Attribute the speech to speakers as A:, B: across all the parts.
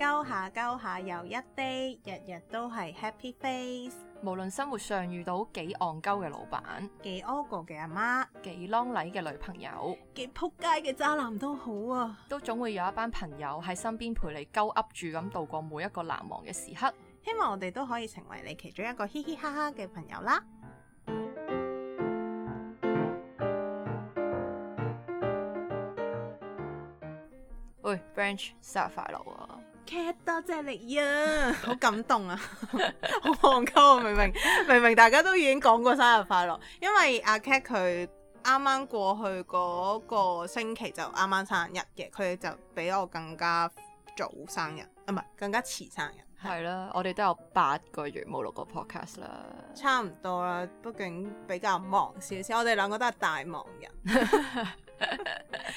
A: 溝下溝下又一 day，日
B: 日都係 happy face。無論生活上遇到幾戇鳩嘅老闆，幾惡個嘅阿媽，幾啷禮嘅女朋友，幾撲街嘅渣男都好啊，都總會有一班朋友喺身邊陪你溝噏住咁度過每一個難忘嘅時刻。希望我哋都可以成為你其中一個嘻嘻哈哈嘅朋友啦。喂，哎，Branch 生日快樂啊！
A: Cat 多謝你啊！好感動啊，好憨鳩啊！明明明明大家都已經講過生日快樂，因為阿 Cat 佢啱啱過去嗰個星期就啱啱生日嘅，佢就比我更加早生日，唔係更加遲生日。係啦、 啊，我哋都
B: 有八個月冇錄過 Podcast 啦，
A: 差唔多啦，畢竟比較忙少少，我哋兩個都係大忙人。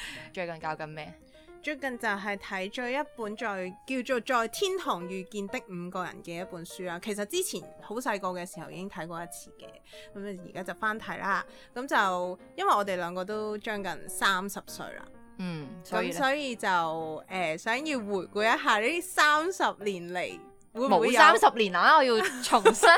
A: 最近搞緊咩？最近就係睇咗一本再叫做《在天堂遇見的五個人》嘅一本書啊，其實之前好細個嘅時候已經睇過一次嘅，咁而家就翻睇啦。咁就因為我哋兩個都將近三十歲啦，嗯，
B: 咁所，所
A: 以就誒、呃、想要回顧一下呢三十年嚟。會冇三十
B: 年啦， 我要
A: 重新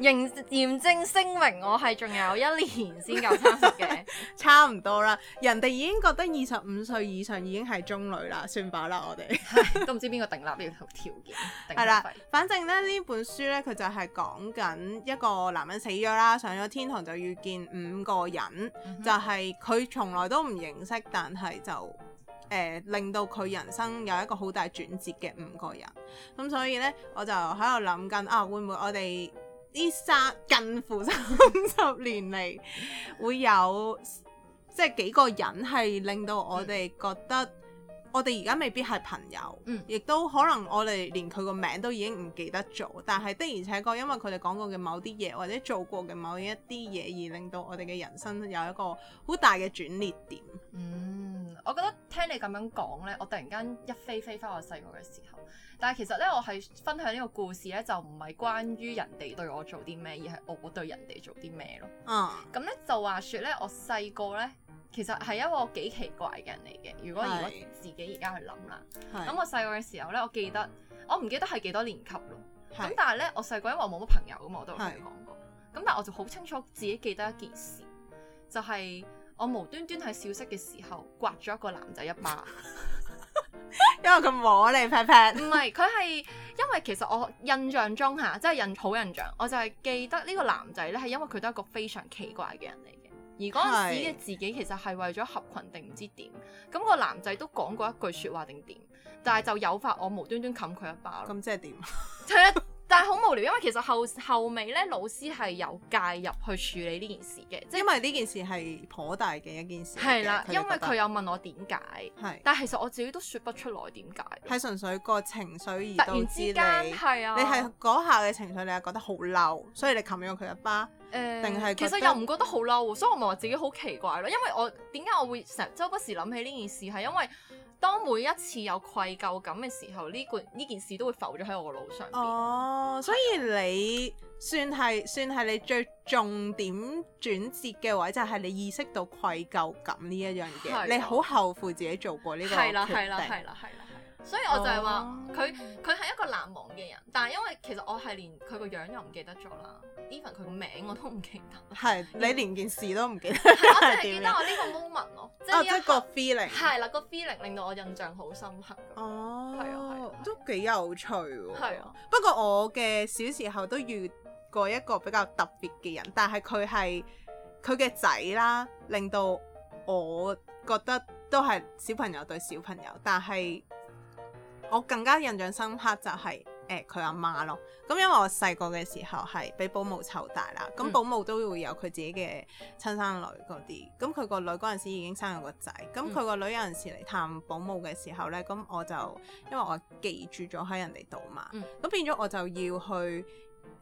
A: 認，嚴正 聲明，我係仲有一年先
B: 夠三十嘅，
A: 差唔多啦。人哋已經覺得二十五歲以上已經係中女啦，算吧啦，我哋 都唔知邊個定立呢條條件。係啦，反正咧呢本書咧，佢就係講緊一個男人死咗啦，上咗天堂就遇見五個人，嗯、哼就係佢從來都唔認識，但係就。誒、呃、令到佢人生有一個好大轉折嘅五個人，咁所以呢，我就喺度諗緊啊，會唔會我哋呢三近乎三十年嚟會有即係幾個人係令到我哋覺得我哋而家未必係朋友，亦、嗯、都可能我哋連佢個名都已經唔記得咗，但係的而且確因為佢哋講過嘅某啲嘢或者做過嘅某一啲嘢而令到我哋嘅人生
B: 有一個好大嘅轉捩點，嗯。我覺得聽你咁樣講呢，我突然間一飛飛翻我細個嘅時候。但係其實呢，我係分享呢個故事呢，就唔係關於人哋對我做啲咩，而係我對人哋做啲咩咯。嗯，咁呢就話說呢，我細個呢，其實係一個幾奇怪嘅人嚟嘅。如果是 如果自己而家去諗啦，咁是 我細個嘅時候呢，我記得我唔記得係幾多年級咯。咁是但係呢，我細個因為我冇乜朋友咁，我都同佢講過。咁是 但係我就好清楚自己記得一件事，就係、是。我無端端喺小息嘅時候刮咗一個男仔一巴巴， 因為佢摸你劈劈。唔係，佢係因為其實我印象中嚇，即係印好印象，我就係記得呢個男仔咧，係因為佢都係一個非常奇怪嘅人嚟嘅，而嗰陣時嘅自己其實係為咗合群定唔知點，咁個男仔都講過一句説話定點，但係就誘發我無端端冚佢一巴巴。咁即係點？ 但係好無聊，因為其實後後尾咧，老師係有介入去處理呢件事嘅，即係因為呢件事係頗大嘅一件事。係啦的，因為佢有問我點解，係的，但係其實我自己都説不出來點解，係
A: 純粹個情緒而導致你突然之間啊，你係
B: 嗰下嘅情緒，你係覺得好嬲，的所以你冚咗佢一巴。誒，其實又唔覺得好嬲，所以我咪係話自己好奇怪咯。因為我點解我會成周不時諗起呢件事，係因為當每一次有愧疚感嘅時候，呢個呢件事都會浮咗喺我腦上
A: 邊。哦，所以你算係的算係你最重點轉折嘅位，就係你意識到愧疚感呢一樣嘢，的你好後悔自己做過呢個決定。
B: 所以我就係話佢佢係一個難忘嘅人，但係因為其實我係連佢個樣又唔記得咗啦，even 佢個名我都唔記得。係你連件事都唔記得，我凈係記得我呢個 moment 咯、哦，即係一即個 feeling 係啦，個 feeling 令到我印象好深刻。哦、oh，係啊，啊，都
A: 幾有趣喎。啊，不過我嘅小時候都遇過一個比較特別嘅人，但係佢係佢嘅仔啦，令到我覺得都係小朋友對小朋友，但係。我更加印象深刻就係誒佢阿媽咯，咁因為我細個嘅時候係俾保姆湊大啦，咁、嗯、保姆都會有佢自己嘅親生女嗰啲，咁佢個女嗰陣時已經生咗個仔，咁佢個女有陣時嚟探保姆嘅時候呢，咁我就因為我寄住咗喺人哋度嘛，咁、嗯、變咗我就要去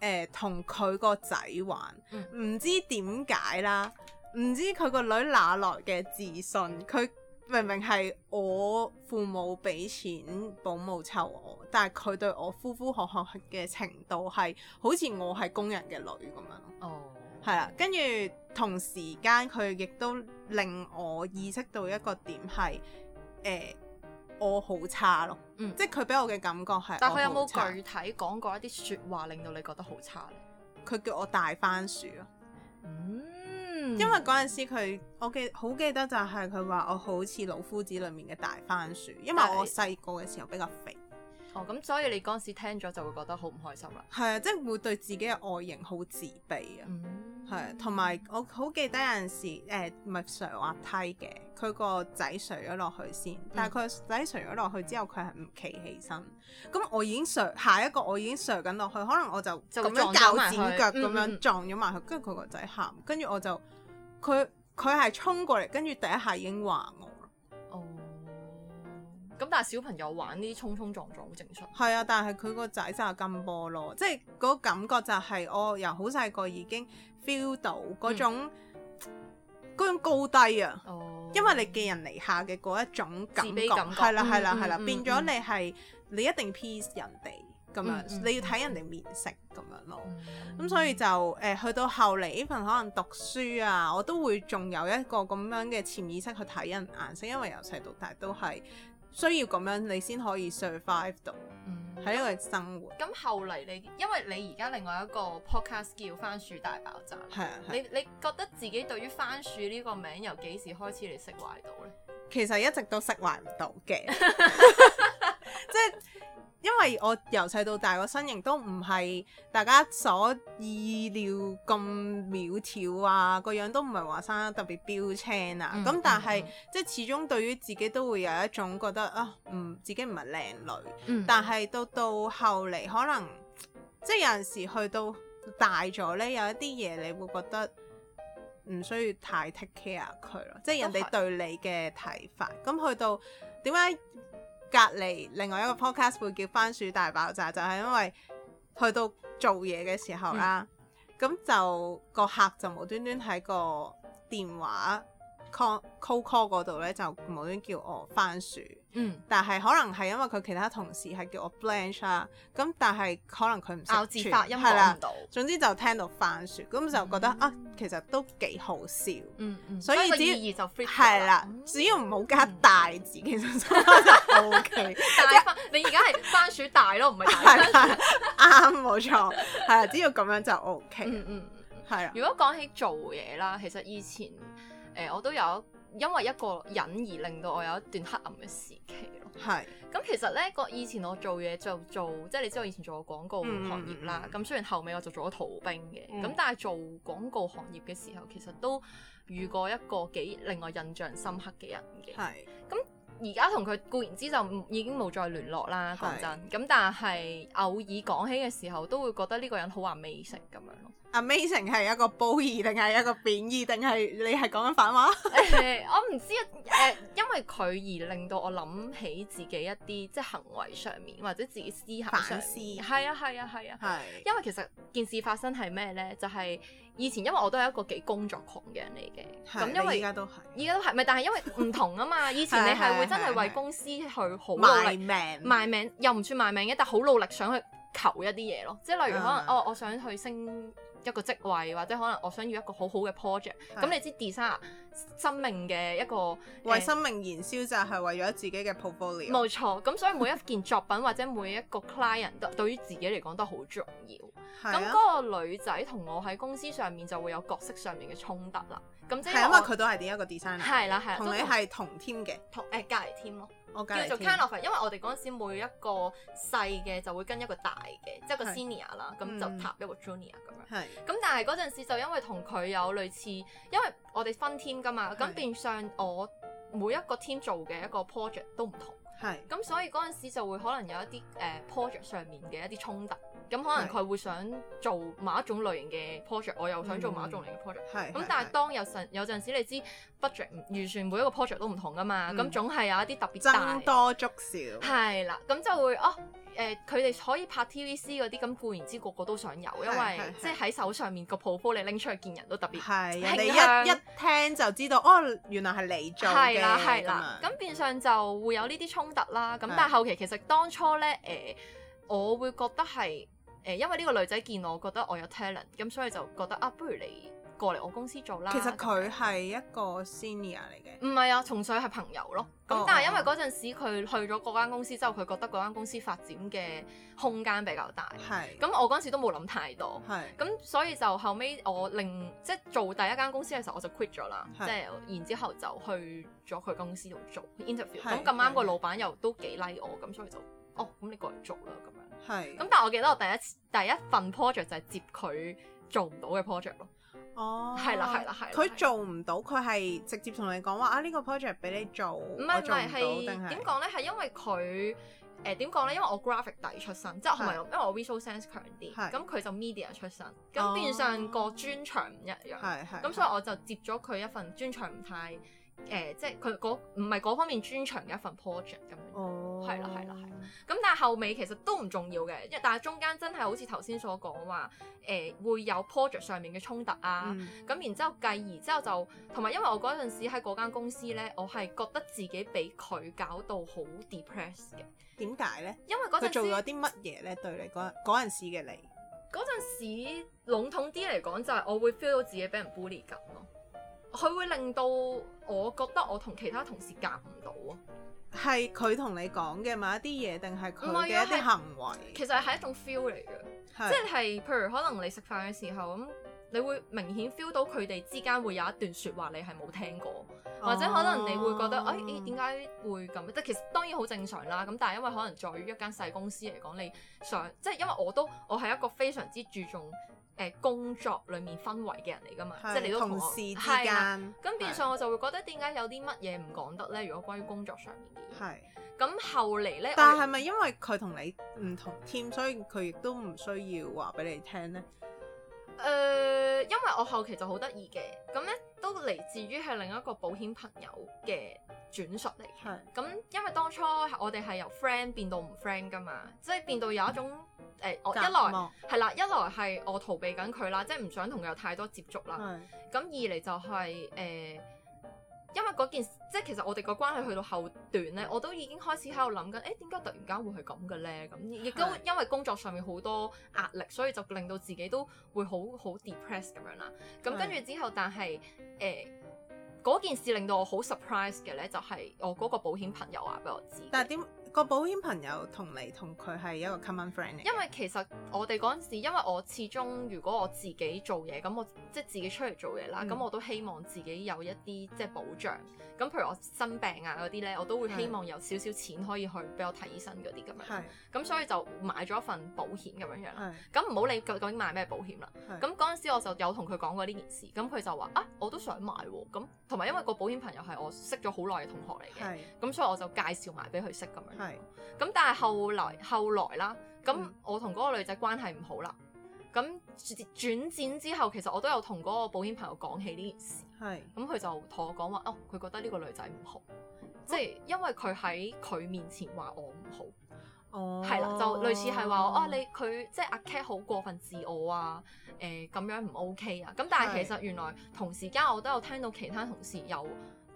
A: 誒同佢個仔玩，唔、嗯、知點解啦，唔知佢個女哪來嘅自信，佢。明明係我父母俾錢保姆湊我，但係佢對我呼呼喝喝嘅程度係好似我係工人嘅女咁樣。哦，係啦，跟住同時間佢亦都令我意識到一個點係，誒、呃，我好差咯。嗯、即係佢俾我嘅感覺係。但係佢有冇具
B: 體講過一啲説
A: 話令到你覺得好差呢？佢叫我大番薯咯。嗯因為陣時佢，我記好記得就係佢話我好似老夫子裏面嘅大番薯，因為我細個嘅時候比較肥。哦，咁所以你嗰時聽咗就會覺得好唔開心啦？係啊，即係、就是、會對自己嘅外形好自卑啊。係、嗯，同埋我好記得有陣時，誒、欸，咪瀡滑梯嘅，佢個仔瀡咗落去先，嗯，但係佢個仔瀡咗落去之後，佢係唔企起身。咁我已經瀡，下一個，我已經瀡緊落去，可能我就咁樣鉸剪腳咁樣撞咗埋去，跟住佢個仔喊，跟住我就，佢佢係衝過嚟，跟住第一下已經話。咁但係小朋友玩啲衝衝撞撞好正常。係啊，但係佢個仔就係金菠蘿，即係嗰個感覺就係我由好細個已經 feel 到嗰種嗰種高低啊。哦，因為你寄人籬下嘅嗰一種感覺，係啦係啦係啦，變咗你係你一定 peace 人哋咁樣，你要睇人哋面色咁樣咯。咁所以就誒去到後嚟呢份可能讀書啊，我都會仲有一個咁樣嘅潛意識去睇人顏色，因為由細到大都係。需要咁樣你先可以 survive 到，嗯，喺呢個生活。
B: 咁後嚟你因為你而家另外一個 podcast 叫番薯大爆炸，係啊的，你你覺得自己對於番薯呢個名由幾時開始你釋懷到呢？
A: 其實一直都釋懷唔到嘅，即係。因為我由細到大個身形都唔係大家所意料咁苗條啊，個樣都唔係話生得特別標青啊。咁、嗯、但係、嗯嗯、即係始終對於自己都會有一種覺得啊，唔自己唔係靚女。嗯、但係到到後嚟可能即係有陣時去到大咗呢，有一啲嘢你會覺得唔需要太 take care 佢咯。嗯、即係人哋對你嘅睇法。咁、嗯、去到點解？隔離另外一個 podcast 會叫番薯大爆炸，就係、是，因為去到做嘢嘅時候啦，咁、嗯、就個客就無端端喺個電話 call call call 嗰度呢，就無端叫我番薯。嗯，但係可能係因為佢其他同事係叫我 blanch 啦，咁但係可能佢唔咬字發音講唔到，總之就聽到番薯，咁就覺得啊，其實都幾好笑，嗯，所以只要係啦，只要唔好加大字，其實就
B: O K。但係，你而家係番薯大咯，唔係大番
A: 薯，啱，冇錯，係啦，只要咁
B: 樣就 O K。嗯，係啊。如果講起做嘢啦，其實以前誒我都有。因為一個人而令到我有一段黑暗嘅時期咯。係是。咁其實呢個以前我做嘢就做，即係你知我以前做過廣告行業啦。咁、嗯、雖然後尾我就做咗逃兵嘅，咁、嗯、但係做廣告行業嘅時候，其實都遇過一個幾令我印象深刻嘅人嘅。係是。咁。而家同佢固然之就已經冇再聯絡啦，講真是。咁但係偶爾講起嘅時候，都會覺得呢個人好話美成咁樣咯。阿美成係一個褒義，定係一個貶義，定係你係講緊反話？我唔知誒、欸，因為佢而令到我諗起自己一啲即係行為上面，或者自己思考上面。反思。係啊，係啊，係啊。係、啊。是因為其實件事發生係咩呢？就係、是。以前因為我都係一個幾工作狂嘅人嚟嘅，咁是因為而家都係，而家都係，咪但係因為唔同啊嘛，以前你係會真係為公司去好努力，賣命，賣命，又唔算賣命嘅，但係好努力想去。求一啲嘢咯，即係例如可能，我、嗯哦、我想去升一個職位，或者可能我想要一個好好嘅 project。咁的你知 designer 生命嘅一個為生命燃燒就係為咗自己嘅 portfolio。冇、嗯、錯，咁所以每一件作品或者每一個 client 都對於自己嚟講都好重要。咁嗰的個女仔同我喺公司上面就會有角色上面嘅衝突啦。咁即係因為佢都係點一個 designer，係啦係同你係同 team 嘅，同誒隔籬 team 咯。我叫做 canopy，因為我哋嗰陣時每一個細嘅就會跟一個大嘅，即係個 senior 啦，咁就搭、是、一個 junior 咁是 jun 樣。係是，咁但係嗰陣時就因為同佢有類似，因為我哋分 team 噶嘛，咁是變相我每一個 team 做嘅一個 project 都唔同。係是，咁所以嗰陣時就會可能有一啲誒、uh, project 上面嘅一啲衝突。咁可能佢會想做某一種類型嘅 project，我又想做某一種類型嘅 project。係咁、嗯，但係當有陣有陣時，嗯、你知 budget 完全每一個 project 都唔同噶嘛，咁、嗯、總係有一啲特別大增多足少係啦。咁就會哦，誒、佢哋可以拍 TVC 嗰啲，咁固然之個個都想有，因為即係喺手上面個 proposal 你拎出去見人都特別係。你一一聽就知道哦，原來係你做嘅係啦，係啦。咁天變相就會有呢啲衝突啦。咁但係後期其實當初咧，誒、呃，我會覺得係。誒，因為呢個女仔見我覺得我有 talent，咁所以就覺得啊，不如你過嚟我公司做啦。其實佢係一個 senior 嚟嘅。唔係啊，純粹係朋友咯。咁、嗯、但係因為嗰陣時佢去咗嗰間公司之後，佢覺得嗰間公司發展嘅空間比較大。係是。咁我嗰陣時都冇諗太多。係是。咁所以就後尾我另即係做第一間公司嘅時候，我就 quit 咗啦。是即係然之後就去咗佢公司度做 interview 是。咁咁啱個老闆又都幾 like 我，咁所以就哦，咁你過嚟做啦咁樣。係咁，係但係我記得我第一次第一份 project 就係接佢做唔到嘅 project 咯。
A: 哦，係啦，係啦，係。佢做唔到，佢係直接同你講話啊，呢個 project 俾你做，唔係唔係，係點講咧？係
B: 係因為佢誒點講咧？因為我 graphic 底出身，即係同埋因為我 visual sense 強啲，咁佢係就 media 出身，咁變相個專長唔一樣。係係咁，所以我就接咗佢一份專長唔太。誒、呃，即係佢唔係嗰方面專長嘅一份 project 咁樣，係啦係啦係啦。咁、啊啊、但係後尾其實都唔重要嘅，因為但係中間真係好似頭先所講話，誒、呃、會有 project 上面嘅衝突啊。咁、mm. 然之後繼而之後就同埋，因為我嗰陣時喺嗰間公司咧，我係覺得自己俾佢搞到好 depressed 嘅。點解咧？
A: 因為嗰陣時做咗啲乜嘢咧？對你嗰嗰陣時嘅你，
B: 嗰陣時籠統啲嚟講就係、是、我會 feel 到自己俾人 bully 咁咯。佢會令到我覺得我同其他同事夾唔到啊。係佢同你講嘅某一啲嘢，定係佢嘅一啲行為？為其實係一種 feel 嚟嘅，是即係譬如可能你食飯嘅時候咁，你會明顯 feel 到佢哋之間會有一段説話你係冇聽過，哦、或者可能你會覺得誒誒點解會咁？即係其實當然好正常啦。咁但係因為可能在於一間細公司嚟講，你想即係因為我都我係一個非常之注重。工作裡面氛圍嘅人嚟㗎嘛，是即係你都同事之間，咁變相我就會覺得點解有啲乜嘢唔講得呢？如果關於工作上面嘅嘢，咁對後嚟呢？但係咪我因
A: 為佢同你唔同 team，所以佢亦都唔需要話畀你聽呢？誒、
B: 呃，因為我後期就好得意嘅，咁呢，都嚟自於係另一個保險朋友嘅，轉述嚟嘅，咁是因為當初我哋係由 friend 變到唔 friend 㗎嘛，即係變到有一種誒，我一來係、嗯、啦，一來係我逃避緊佢啦，即係唔想同佢有太多接觸啦。咁是二嚟就係、是、誒、呃，因為嗰件即係其實我哋個關係去到後段咧，我都已經開始喺度諗緊，誒點解突然間會係咁嘅咧？咁亦都因為工作上面好多壓力，是所以就令到自己都會好好 depress 是 ed 咁樣啦。咁跟住之後，但係誒。嗰件事令到我好 surprise 嘅咧，就係我嗰個保險朋友話俾我知。
A: 但係點？個保險朋友同你同佢係
B: 一個 common friend 嚟，因為其實我哋嗰陣時，因為我始終如果我自己做嘢，咁我即係自己出嚟做嘢啦，咁、嗯、我都希望自己有一啲即係保障，咁譬如我生病啊嗰啲咧，我都會希望有少少錢可以去俾我睇醫生嗰啲咁樣，咁是所以就買咗一份保險咁樣樣，咁唔好理究竟買咩保險啦，咁嗰陣時我就有同佢講過呢件事，咁佢就話啊我都想買喎、啊，咁同埋因為個保險朋友係我識咗好耐嘅同學嚟嘅，咁是所以我就介紹埋俾佢識咁樣。係，咁是但係後來後來啦，咁我同嗰個女仔關係唔好啦，咁轉戰之後，其實我都有同嗰個保險朋友講起呢件事，係是，咁佢就同我講話，哦，佢覺得呢個女仔唔好，即係因為佢喺佢面前話我唔好，哦，係啦，就類似係話，哦、啊，你佢即係阿 K 好過分自我啊，誒、呃、咁樣唔 OK 啊，咁但係其實原來同時間是我都有聽到其他同事有。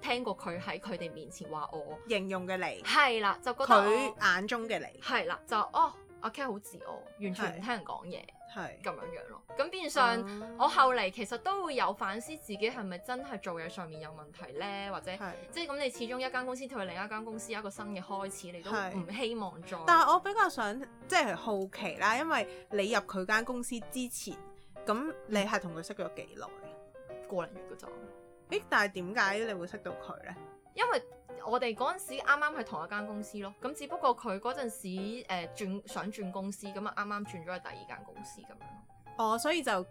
B: 聽過佢喺佢哋面前話我形容嘅你係啦，就覺得佢
A: 眼中嘅你
B: 係啦，就哦，阿 K 好自我，完全唔聽人講嘢，係咁樣樣咯。咁變相、嗯、我後嚟其實都會有反思自己係咪真係做嘢上面有問題咧，或者即係咁你始終一間公司退去另一間公司有一個新嘅開始，你都唔希望做。但係
A: 我比較想即係、就是、好奇啦，因為你入佢間公司之前，咁你係同佢識咗幾耐？個零、嗯、月嘅啫。但係點解你會識到佢呢？
B: 因為我哋嗰陣時啱啱喺同一間公司咯，咁只不過佢嗰陣時誒、呃、想轉公司，咁啊啱啱轉咗去第二間公司咁
A: 樣。哦，所以就叫做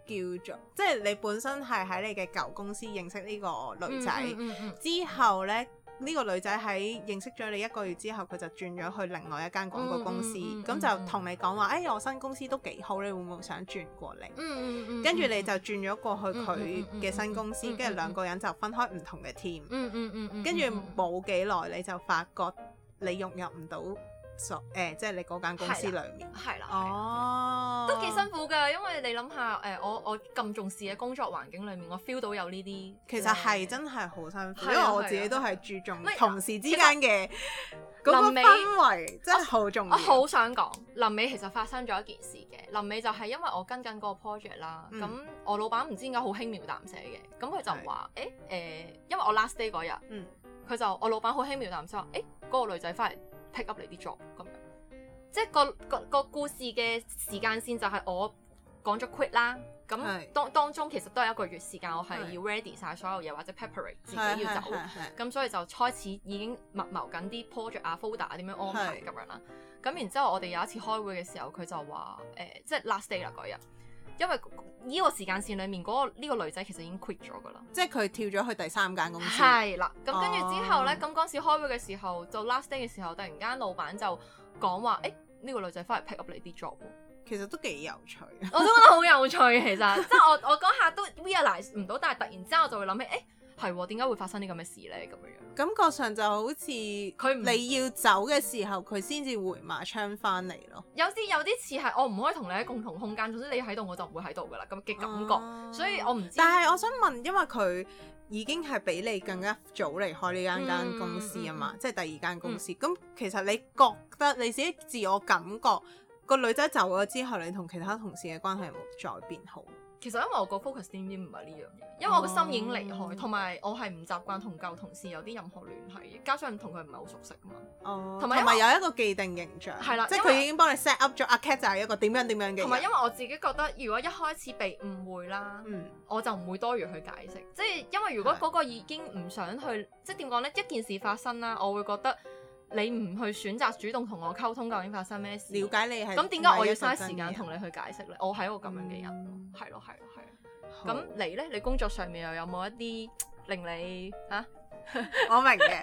A: 即係你本身係喺你嘅舊公司認識呢個女仔，嗯嗯、之後呢。嗯呢個女仔喺認識咗你一個月之後，佢就轉咗去另外一間廣告公司，咁就同你講話：誒、哎，我新公司都幾好，你會唔會想轉過嚟？跟住你就轉咗過去佢嘅新公司，跟住兩個人就分開唔同嘅 team。
B: 跟住
A: 冇幾耐你就發覺你融入唔到。所誒，即係你嗰間公司裏
B: 面係啦，哦，都幾辛苦㗎，因為你諗下誒，我我咁重視嘅工作環境裏面，我 feel 到有呢啲，其實係
A: 真係好辛苦，因為我自己都係注重同事之間嘅
B: 嗰個氛
A: 圍，真係好重要。我好
B: 想講臨尾其實發生咗一件事嘅，臨尾就係因為我跟緊個 project 啦，咁我老闆唔知點解好輕描淡寫嘅，咁佢就話誒誒，因為我 last day 嗰日，嗯，佢就我老闆好輕描淡寫話誒，嗰個女仔返嚟。pick up 你啲作，o 咁樣，即係個個個故事嘅時間線就係我講咗 quit 啦，咁是當當中其實都係一個月時間，是我係要 ready 晒所有嘢或者 prepare 自己要走，咁所以就開始已經密謀緊啲 project 啊、folder 啊點樣安排咁是樣啦。咁然之後我哋有一次開會嘅時候，佢就話誒、呃，即係 last day 啦嗰日。因為呢個時間線裡面嗰、那個呢個女仔其實已經 quit 咗㗎啦，即係佢跳咗去第三間公司。係啦，咁跟住之後呢，咁嗰、oh. 時開會嘅時候，做 last day 嘅時候，突然間老闆就講話：誒、欸、呢、這個女仔翻嚟 pick up 你啲 job。其實都幾有趣，我都覺得好有趣。其實，即係 我我嗰下都 realize 唔到，但係突然之間我就會諗起，誒、欸。係喎，點解會發生啲咁嘅事呢？咁樣
A: 感覺上就好似佢你要走嘅時候，佢先至回馬槍翻嚟咯。
B: 有啲有啲似係我唔可以同你喺共同空間，總之你喺度我就唔會喺度噶啦。咁嘅感覺，啊、所以我唔知。但係我想問，因為佢已
A: 經係比你更加早離開呢間間公司啊嘛，嗯、即係第二間公司。咁、嗯、其實你覺得你自己自我感覺、個女仔走咗之後，你同其他同事嘅關係有冇再變好？
B: 其實因為我個 focus 點唔係呢樣嘢，因為我個心已經離開，同埋、哦、我係唔習慣同舊同事有啲任何聯繫，加上同佢唔係好熟悉嘛。同埋、哦、有，有一
A: 個既定形象，係啦，即係佢已經幫你 set up 咗阿 cat 就係一個點樣點樣嘅。同埋因
B: 為我自己覺得，如果一開始被誤會啦，嗯、我就唔會多餘去解釋，即係因為如果嗰個已經唔想去，的即係點講呢？一件事發生啦，我會覺得。你唔去選擇主動同我溝通，究竟發生咩事，了解你係咁，點解我要嘥時間同你去解釋呢？我係一個咁樣嘅人，係咯係咯係咯。咁好你呢？你工作上面又有冇一啲令你嚇？啊、我明嘅。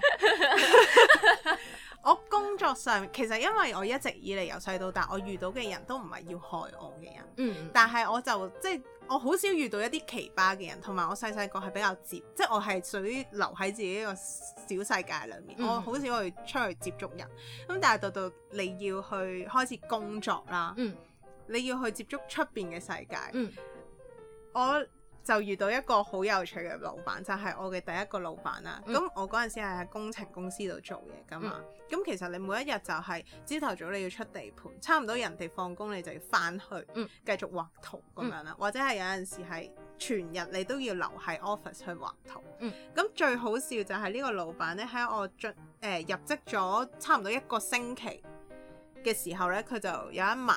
B: 我工作
A: 上其實因為我一直以嚟由細到大，我遇到嘅人都唔係要害我嘅人。嗯、但係我就即係、就是、我好少遇到一啲奇葩嘅人，同埋我細細個係比較接，即、就、係、是、我係屬於留喺自己一個小世界裏面。嗯、我好少去出去接觸人。咁但係到到你要去開始工作啦，嗯、你要去接觸出邊嘅世界，嗯、我。就遇到一個好有趣嘅老闆，就係、是、我嘅第一個老闆啦。咁、嗯、我嗰陣時係喺工程公司度做嘢噶嘛。咁、嗯、其實你每一日就係朝頭早你要出地盤，差唔多人哋放工，你就要翻去繼續畫圖咁樣啦。嗯、或者係有陣時係全日你都要留喺 office 去畫圖。咁、嗯、最好笑就係呢個老闆咧，喺我進誒、呃、入職咗差唔多一個星期嘅時候咧，佢就有一晚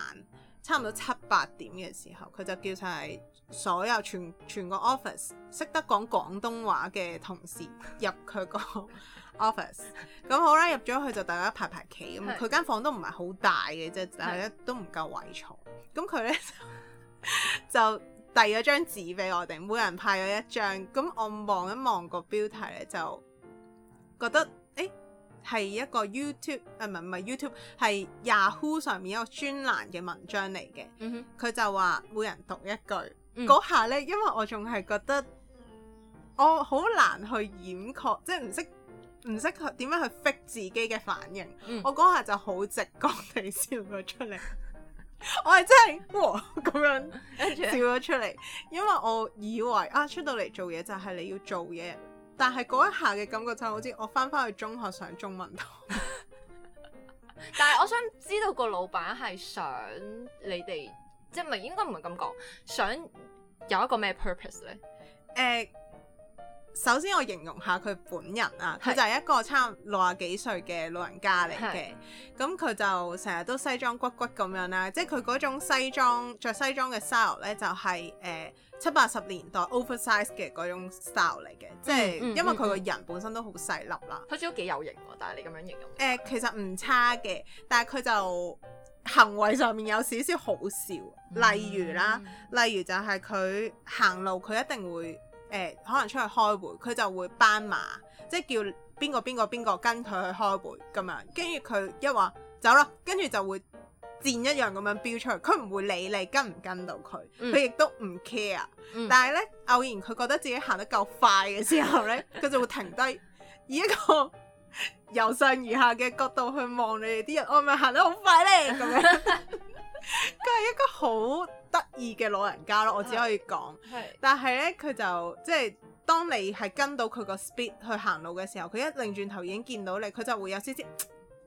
A: 差唔多七八點嘅時候，佢就叫晒。所有全全個 office 識得講廣東話嘅同事入佢個 office，咁好啦，入咗 去就大家排排企咁。佢的間房都唔係好大嘅啫，但係咧都唔夠位坐。咁佢咧就遞咗張紙俾我哋，每人派咗一張。咁我望一望個標題咧，就覺得誒係、欸、一個 YouTube，啊 YouTube，啊唔係唔係 YouTube，係 Yahoo 上面一個專欄嘅文章嚟嘅。佢、mm hmm. 就話每人讀一句。嗰、嗯、下呢，因為我仲係覺得我好難去掩確，即係唔識唔識去點樣去 fit 自己嘅反應。嗯、我嗰下就好直覺地笑咗出嚟，嗯、 我係真係喎咁樣笑咗出嚟， 因為我以為啊出到嚟做嘢就係你要做嘢，但係嗰一下嘅感覺就好似我翻返去中學上中文堂。
B: 但係我想知道個老闆係想你哋。即係唔係應該唔係咁講，想有一個咩 purpose 咧？誒、呃，
A: 首先我形容下佢本人啊，佢是就係一個差唔多六十幾歲嘅老人家嚟嘅，咁佢是就成日都西裝骨骨咁樣啦。嗯、即係佢嗰種西裝着西裝嘅 style 咧，就係誒七八十年代 oversize 嘅嗰種 style 嚟嘅。即係、嗯嗯、因為佢個人本身都好細粒啦，好似都幾有型喎。但係你咁樣形容，誒、呃、其實唔差嘅，但係佢就。嗯行為上面有少少好笑，例如啦，嗯、例如就係佢行路，佢一定會誒、呃，可能出去開會，佢就會斑馬，即係叫邊個邊個邊個跟佢去開會咁樣，跟住佢一話走啦，跟住就會箭一樣咁樣飆出嚟，佢唔會理你跟唔跟到佢，佢亦都唔 care，但係呢，偶然佢覺得自己行得夠快嘅時候呢，佢就會停低，而一個。由上而下嘅角度去望你哋啲人，我咪行得好快呢？咁樣，佢係 一個好得意嘅老人家咯，我只可以講，係， 但係呢，佢就即係當你係跟到佢個 speed 去行路嘅時候，佢一擰轉頭已經見到你，佢就會有少少，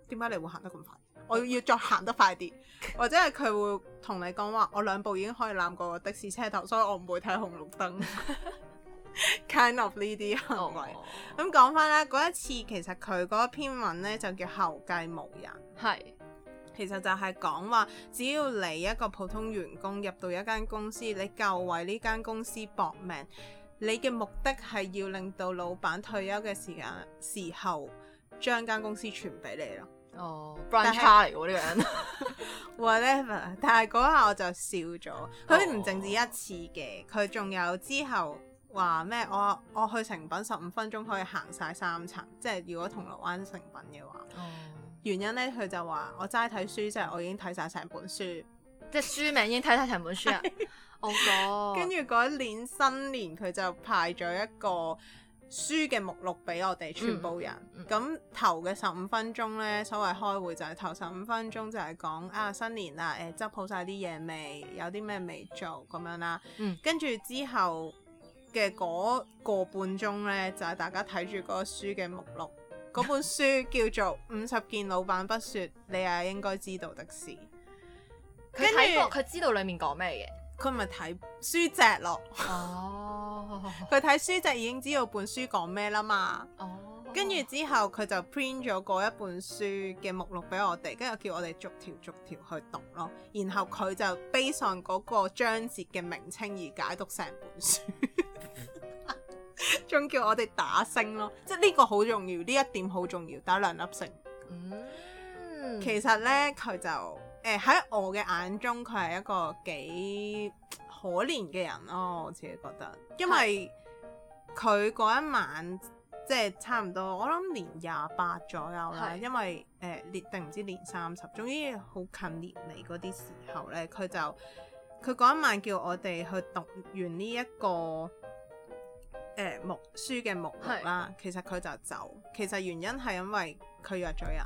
A: 點解你會行得咁快？我要再行得快啲， 或者係佢會同你講話，我兩步已經可以攬過個的士車頭，所以我唔會睇紅綠燈。 Kind of 呢啲行為，咁講翻啦，嗰一次其實佢嗰篇文呢，就叫後繼無人，係是其實就係講話，只要你一個普通員工入到一間公司，你夠為呢間公司搏命，你嘅目的係要令到老闆退休嘅時間時候，將間公司傳俾你咯。
B: 哦 b r a n c h a r 喎呢個人
A: ，whatever，但係嗰下我就笑咗，佢唔淨止一次嘅，佢仲有之後。話咩？我我去成品十五分鐘可以行晒三層，即係如果銅鑼灣成品嘅話，oh. 原因呢，佢就話我齋睇書，即係我已經睇晒成本書，即係書名已經睇晒成本書啦。跟住嗰一年新年，佢就派咗一個書嘅目錄俾我哋全部人。咁、嗯、頭嘅十五分鐘呢，所謂開會就係頭十五分鐘就係講啊新年啦，誒執好晒啲嘢未？有啲咩未做咁樣啦？跟住、嗯、之後。嘅嗰個半鐘呢，就係、是、大家睇住嗰書嘅目錄。嗰 本書叫做《五十件老闆不說你係應該知道的事》。
B: 佢睇過，
A: 佢著知道裡面講咩嘅。佢咪睇書脊咯。哦。佢睇書脊已經知道本書講咩啦嘛。跟住、oh. 之後，佢就 print 咗嗰一本書嘅目錄俾我哋，跟住叫我哋逐條逐條去讀咯。然後佢就 based on 嗰個章節嘅名稱而解讀成本書。 仲叫我哋打星咯，嗯、即係呢個好重要，呢一點好重要，打兩粒星。嗯，其實呢，佢就誒喺、呃、我嘅眼中，佢係一個幾可憐嘅人咯，我自己覺得，因為佢嗰一晚即係差唔多，我諗年廿八左右啦，嗯、因為誒定唔知年三十，總之好近年嚟,嗰啲時候呢，佢就佢嗰一晚叫我哋去讀完呢、這、一個。誒木書嘅目錄啦，是其實佢就走。其實原因係因為佢約咗人，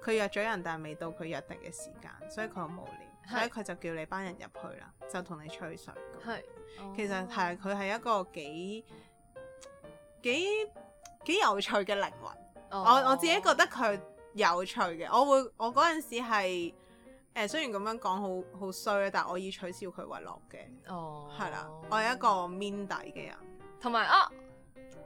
A: 佢是約咗人，但係未到佢約定嘅時間，所以佢好無聊，是所以佢就叫你班人入去啦，就同你吹水。係是其實係佢係一個幾幾幾有趣嘅靈魂。哦、我我自己覺得佢有趣嘅，我會我嗰陣時係誒，雖然咁樣講好好衰啦，但我以取笑佢為樂嘅哦，
B: 係啦，我係一個 mean 底嘅人。同埋啊，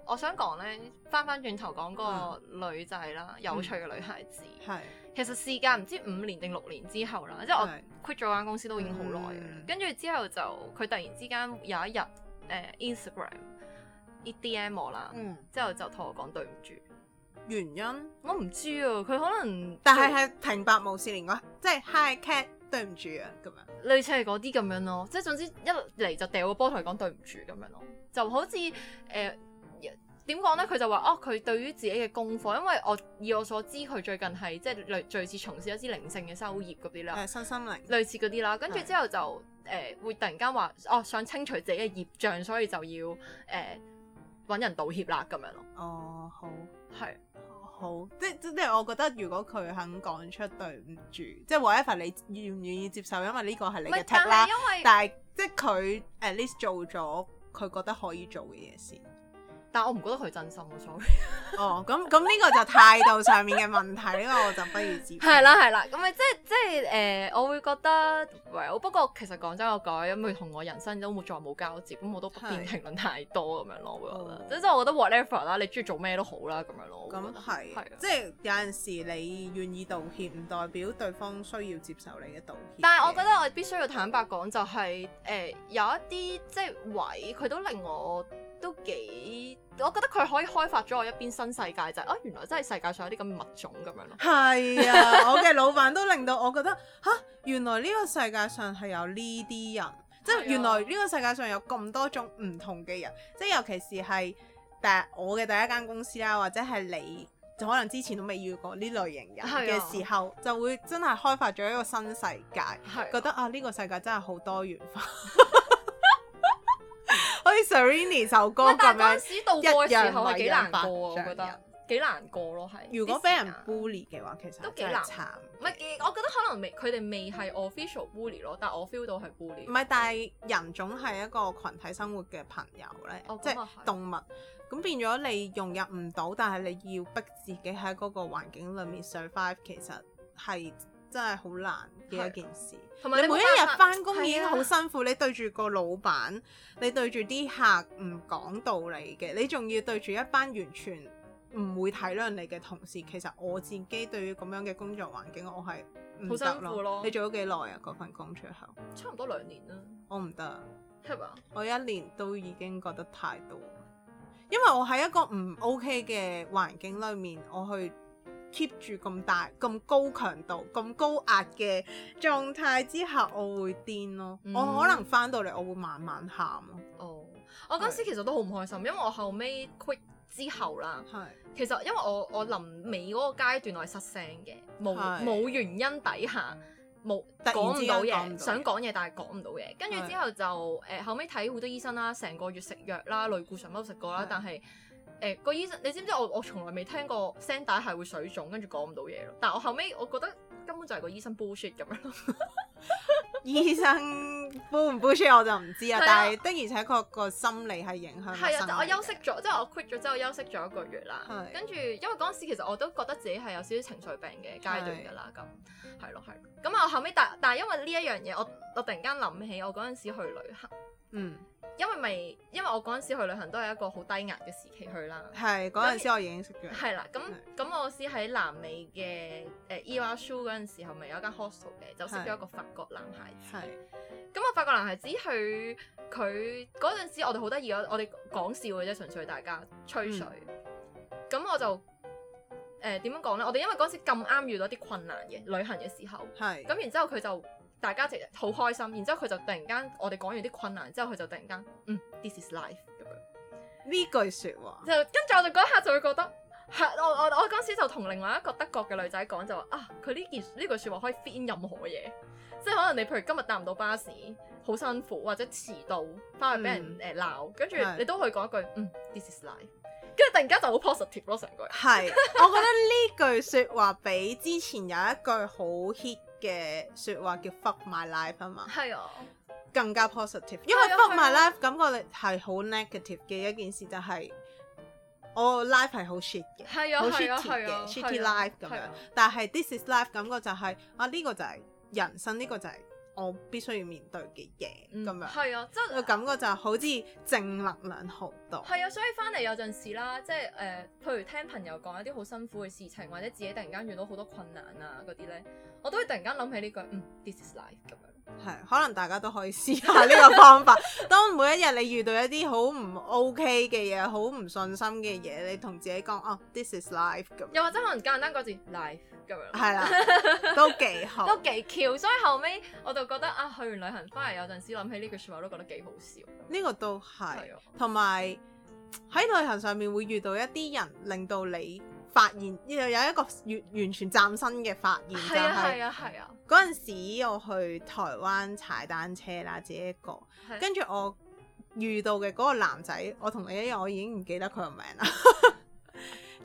B: 我想講咧，翻翻轉頭講個女仔啦，嗯、有趣嘅女孩子。係、嗯，其實時間唔知五年定六年之後啦，嗯、即係我 quit 咗間公司都已經好耐。跟住、嗯、之後就佢突然之間有一日，誒、呃、Instagram E D M 我啦，嗯，之後就同我講對唔住，原因我唔知啊，佢可能但係係平白無事嗰即係 high cat。對唔住啊，咁樣類似係嗰啲咁樣咯，即係總之一嚟就掉個波同佢講對唔住咁樣咯，就好似誒，點講咧？佢、呃、就話哦佢對於自己嘅功課，因為我以我所知佢最近係即係類、啊、類似從事一啲靈性嘅修業嗰啲啦，誒修心靈類似嗰啲啦，跟住之後就誒的、呃、會突然間話哦想清除自己嘅業障，所以就要誒搵、呃、人道歉啦咁樣咯。哦好係。好，即即即係我覺得，如果佢肯
A: 講出對唔住，即係或 h 你願唔願意接受，因為呢個係你嘅 take 啦。但係即係佢 at least 做咗佢覺得可以做嘅嘢先。但我唔覺得
B: 佢真心、Sorry. s 所 r 哦，
A: 咁咁呢個就態度上面嘅問題， 我就不如接。係啦，係啦，咁
B: 咪即即誒，我會覺得唔係。不過其實講真我改，因為同我人生都冇再冇交接。咁我都不便評論太多咁的樣咯。我會覺得，嗯、即即我覺得 whatever 啦，你中意做咩都好啦咁樣咯。咁係，是的即係
A: 有陣時你願意道歉，唔代表對方需要接受你嘅道歉。
B: 但係我覺得我必須要坦白講、就是，就係誒有一啲即係位佢都令我。都幾，我覺得佢可以開發咗我一邊新世界就係、啊，原來真係世界上有啲咁物種咁樣咯。係
A: 啊， 我嘅
B: 老闆都令到我覺得吓、啊，原來呢個世界上係有呢啲人，
A: 啊、即係原來呢個世界上有咁多種唔同嘅人，即係尤其是係，但係我嘅第一間公司啦，或者係你就可能之前都未遇過呢類型人嘅時候，啊、就會真係開發咗一個新世界，啊、覺得啊呢、這個世界真係好多元化。 Serenity 首歌但咁，一人為人白將人
B: 幾難過咯、啊。係、啊、如果俾
A: 人 bully 嘅話，其實都難的慘幾慘。
B: 唔係，我覺得可能未佢哋未係 official bully 咯，但我 feel 到係 bully。唔係，但係
A: 人總係一個群體生活嘅朋友咧，即係、哦就是、動物咁變咗你融入唔到，但係你要逼自己喺嗰個環境裏面 survive，其實係。真係好難嘅一件事。你每一日翻工已經好辛苦，的你對住個老闆，你對住啲客唔講道理嘅，你仲要對住一班完全唔會體諒你嘅同事。其實我自己對於咁樣嘅工作環境我，我係唔得咯。你做咗幾耐啊？嗰份工出口
B: 差唔多兩年啦。
A: 我唔得，係嘛吧？我一年都已經覺得太多，因為我喺一個唔 OK 嘅環境裡面，我去，keep 住咁大咁高強度、咁高壓嘅狀態之下，我會癲咯。嗯、我可能翻
B: 到嚟，我會慢慢喊咯。哦，oh, 我嗰時其實都好唔開心，是因為我後尾 quit 之後啦，係是其實因為我我臨尾嗰個階段我係失聲嘅，冇冇是原因底下冇講唔到嘢，講想講嘢但係講唔到嘢。跟住是之後就誒、呃、後尾睇好多醫生啦，成個月食藥啦、類固醇都食過啦，是但係。誒個醫生，你知唔知我我從來未聽過聲帶係會水腫，跟住講唔到嘢咯。但係我後尾我覺得根本就係個醫生 bullshit 咁樣咯。
A: 醫生補唔補出我就唔知啊，但係的而且確個心理係影響。係啊，我
B: 休息咗，即係我 quit 咗之後休息咗一個月啦。跟住因為嗰陣時其實我都覺得自己係有少少情緒病嘅階段㗎啦，咁係咯，係。咁啊，我後尾但但係因為呢一樣嘢，我我突然間諗起我嗰陣時去旅行。嗯。因為咪因為我嗰陣時去旅行都係一個好低壓嘅時期去啦。
A: 係嗰陣時我已經識咗。係
B: 啦，咁咁我先喺南美嘅誒 Ecuador 嗰陣時候，咪有一間 hostel 嘅，就識咗一個法國男孩。係咁，我發覺男孩子，佢佢嗰陣時，我哋好得意啊。我哋講笑嘅啫，純粹大家吹水。咁我就誒點樣講呢？我哋因為嗰時咁啱遇到啲困難嘅旅行嘅時候，係咁是然之後佢就大家就好開心。然之後佢就突然間，我哋講完啲困難之後，佢就突然間嗯，This is life
A: 咁樣，呢句說話
B: 就跟住我就嗰一刻就會覺得。係我我我嗰時就同另外一個德國嘅女仔講就話啊佢呢件呢句說話可以 fit 任何嘢，即係可能你譬如今日搭唔到巴士好辛苦或者遲到翻去俾人誒鬧，跟住、嗯呃、你都可以講一句是嗯 this is life，跟住突然間就好 positive 咯成個人。係是， 我覺得呢句說話比
A: 之前有一句好 hit 嘅說話叫 fuck my life 啊嘛，係啊、哦，更加 positive，、哦、因為 fuck、哦、my life 感覺你係好 negative 嘅一件事就係、是。我 life 係好 shit 嘅，好 shit 嘅，shit life 咁樣，但係 this is life 感覺就係啊，呢個就係人生，呢個就係我必須要面對嘅嘢咁樣，係啊，即係個感覺就好似正能量好多。
B: 係啊，所以翻嚟有陣時啦，即係誒譬如聽朋友講一啲好辛苦嘅事情，或者自己突然間遇到好多困難啊嗰啲咧，我都會突然間諗起呢句嗯，this is life 咁樣。
A: 係，可能大家都可以試下呢個方法。當 每一日你遇到一啲好唔 OK 嘅嘢，好唔信心嘅
B: 嘢，你同自己講哦，this is life 咁，又或者可能簡單嗰字 life 咁樣。係啦，都幾好，都幾巧。所以後尾我就覺得啊，去完旅行翻嚟，有陣時諗起呢句說話，都覺得幾好笑。
A: 呢個都係，同埋喺旅行上面會遇到一啲人，令到你。發現呢度有一個完完全嶄新嘅發現，啊、就係嗰陣時我去台灣踩單車啦，自己一個，啊、跟住我遇到嘅嗰個男仔，我同你一樣，我已經唔記得佢個名啦。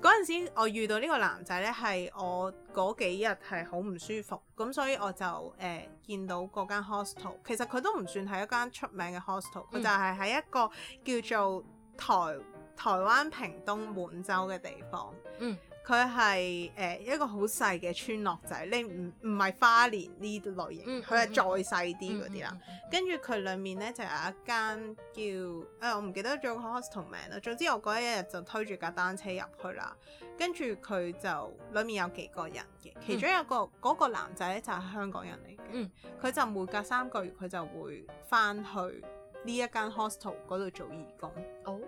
A: 嗰 陣時我遇到呢個男仔呢，係我嗰幾日係好唔舒服，咁所以我就誒、呃、見到嗰間 hostel，其實佢都唔算係一間出名嘅 hostel，佢、嗯、就係喺一個叫做台。台灣屏東滿洲嘅地方，嗯，佢係誒一個好細嘅村落仔，你唔唔係花蓮呢類型，佢係、嗯嗯、再細啲嗰啲啦。跟住佢裏面咧就有一間叫誒、呃，我唔記得咗個 hostel Man 啦。總之我嗰一日就推住架單車入去啦。跟住佢就裏面有幾個人嘅，其中有一個嗰、嗯、個男仔咧就係香港人嚟嘅。佢、嗯、就每隔三個月佢就會翻去呢一間 hostel 度做義工。好。Oh.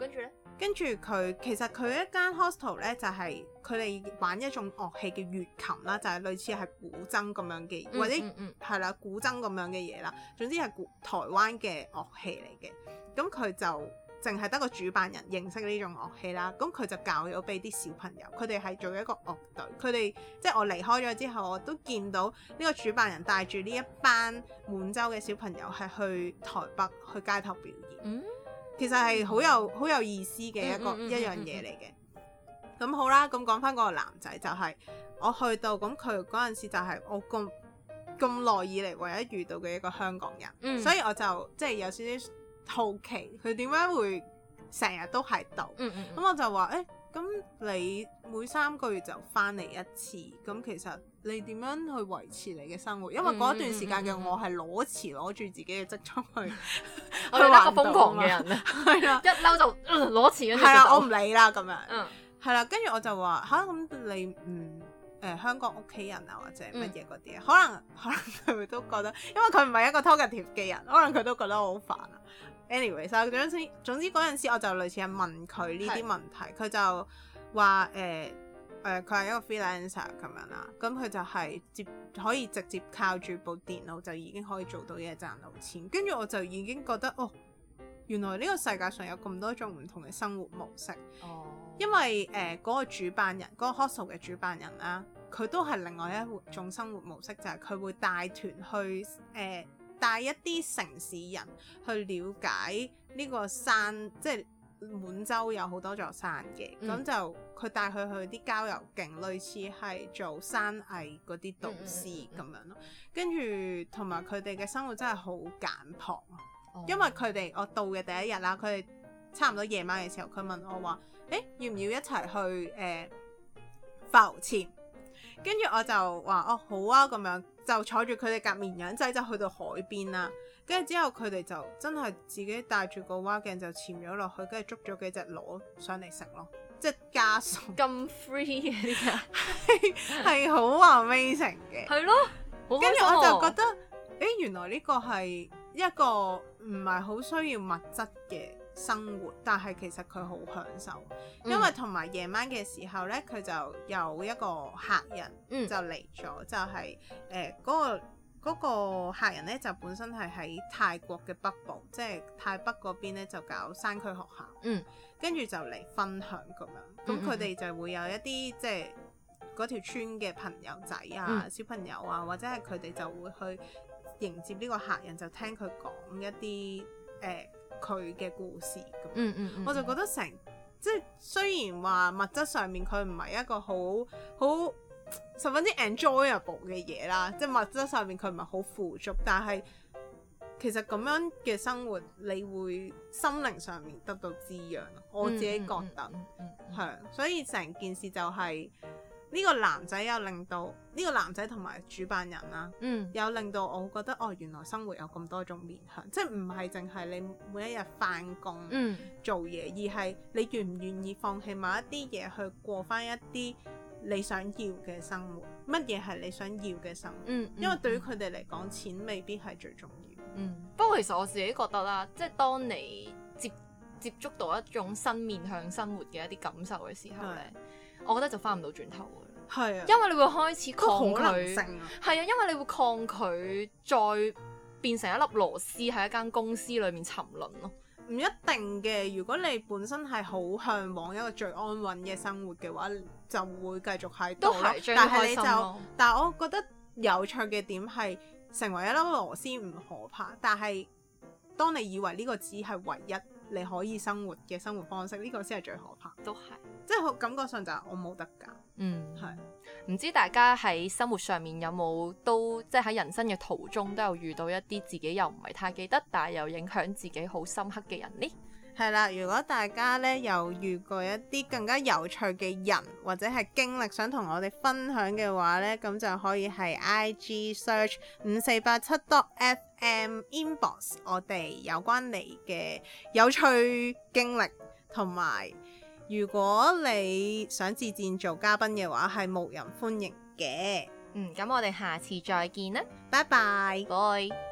A: 跟住咧，跟住佢，其實佢一間 hostel 咧，就係佢哋玩一種樂器嘅月琴啦，就係、是、類似係古箏咁樣嘅，嗯嗯嗯、或者係啦古箏咁樣嘅嘢啦。總之係古台灣嘅樂器嚟嘅。咁佢就淨係得個主辦人認識呢種樂器啦。咁佢就教咗俾啲小朋友，佢哋係做一個樂隊。佢哋即係我離開咗之後，我都見到呢個主辦人帶住呢一班滿洲嘅小朋友係去台北去街頭表演。嗯。
B: 其實係好有好有意思嘅一個一樣嘢嚟嘅，
A: 咁好啦。咁講返嗰個男仔，就係我去到咁，佢嗰陣時就係我咁咁耐以嚟唯一遇到嘅一個香港人，所以我就，即係有少少好奇，佢點解會成日都喺度，咁我就話誒。咁你每三個月就翻嚟一次，咁其實你點樣去維持你嘅生活？因為嗰段時間嘅我係攞錢攞住自己嘅積蓄去， 我
B: 係一個瘋狂嘅人， 係、啊、啦， 一嬲就攞錢，係、啊、啦、啊，我唔理啦咁樣，嗯、
A: 啊啊，嗯，係、呃、啦，跟住我就話嚇，咁你唔誒香港屋企人啊或者乜嘢嗰啲，可能可能佢都覺得，因為佢唔係一個 tolerant 嘅人，可能佢都覺得我好煩啊。Anyway，所、so, 以總之，總之嗰陣時我就類似係問佢呢啲問題，佢的就話誒誒，佢、呃、係、呃、一個 freelancer 咁樣啦，咁佢就係接可以直接靠住部電腦就已經可以做到嘢賺到錢，跟住我就已經覺得哦，原來呢個世界上有咁多種唔同嘅生活模式，oh. 因為誒嗰、呃那個主辦人嗰、那個 hostel 嘅主辦人啦，佢都係另外一種生活模式就係、是、佢會帶團去誒。呃帶一啲城市人去了解呢個山，即係滿洲有好多座山嘅，咁、嗯、就佢帶佢去啲郊遊徑，類似係做山藝嗰啲導師咁、嗯嗯嗯、樣咯。跟住同埋佢哋嘅生活真係好簡樸，嗯、因為佢哋我到嘅第一日啦，佢哋差唔多夜晚嘅時候，佢問我話，誒、欸、要唔要一齊去誒浮潛？呃跟住我就話哦，好啊咁樣，就坐住佢哋架綿羊仔就去到海邊啦。跟住之後佢哋就真係自己戴住個蛙鏡就潛咗落去，跟住捉咗幾隻螺上嚟食咯，即係加餸。咁
B: free 嘅啲人係係好
A: amazing 嘅，係咯。 跟住、啊、我就覺得，誒、欸、原來呢個係一個唔係好需要物質嘅。生活，但係其實佢好享受，嗯、因為同埋夜晚嘅時候呢，佢就有一個客人就嚟咗，嗯、就係誒嗰個客人呢，就本身係喺泰國嘅北部，即係泰北嗰邊呢就搞山區學校，嗯，跟住就嚟分享咁樣，咁佢哋就會有一啲即係嗰條村嘅朋友仔啊、嗯、小朋友啊，或者係佢哋就會去迎接呢個客人，就聽佢講一啲誒、呃佢嘅故事，嗯，嗯嗯，我就覺得成，即係雖然話物質上面佢唔係一個好好十分之 enjoyable 嘅嘢啦，即係物質上面佢唔係好富足，但係其實咁樣嘅生活，你會心靈上面得到滋養，我自己覺得係、嗯嗯嗯，所以成件事就係、是。呢個男仔又令到呢、這個男仔同埋主辦人啦、啊，嗯，又令到我覺得哦，原來生活有咁多種面向，即係唔係淨係你每一日返工，嗯，做嘢，而係你願唔願意放棄某一啲嘢去過返一啲你想要嘅生活，乜嘢係你
B: 想要嘅生活？嗯，因為對於佢哋嚟講，嗯嗯、錢未必係最重要。嗯，不過其實我自己覺得啦，即係當你接接觸到一種新面向生活嘅一啲感受嘅時候咧。我覺得就翻唔到轉頭嘅。係啊，因為你會開始抗拒，係啊，啊，因為你會抗拒再變成一粒螺絲喺一間公司裏面沉淪咯。
A: 唔一定嘅，如果你本身係好向往一個最安穩嘅生活嘅話，就會繼續喺度、都係，但係你就，啊、但係我覺得有趣嘅點係，成為一粒螺絲唔可怕，但係當你以為呢個只係唯一你可以生活嘅生活方式，呢個先係最可怕。都係。
B: 即係感覺上就係我冇得揀，嗯，係唔知大家喺生活上面有冇都即係喺人生嘅途中都有遇到一啲自己又唔係太記得，但係又影響自己好深刻嘅人呢？係啦、嗯，如果大家咧又遇過一啲
A: 更加有趣嘅人或者係經，經歷，想同我哋分享嘅話咧，咁就可以係 IG search 五四八七 dot FM inbox 我哋有關你嘅有趣經歷同埋。如果你想自薦做嘉賓嘅話，係無人歡迎嘅。嗯，咁
B: 我哋下次再見啦，拜拜，好。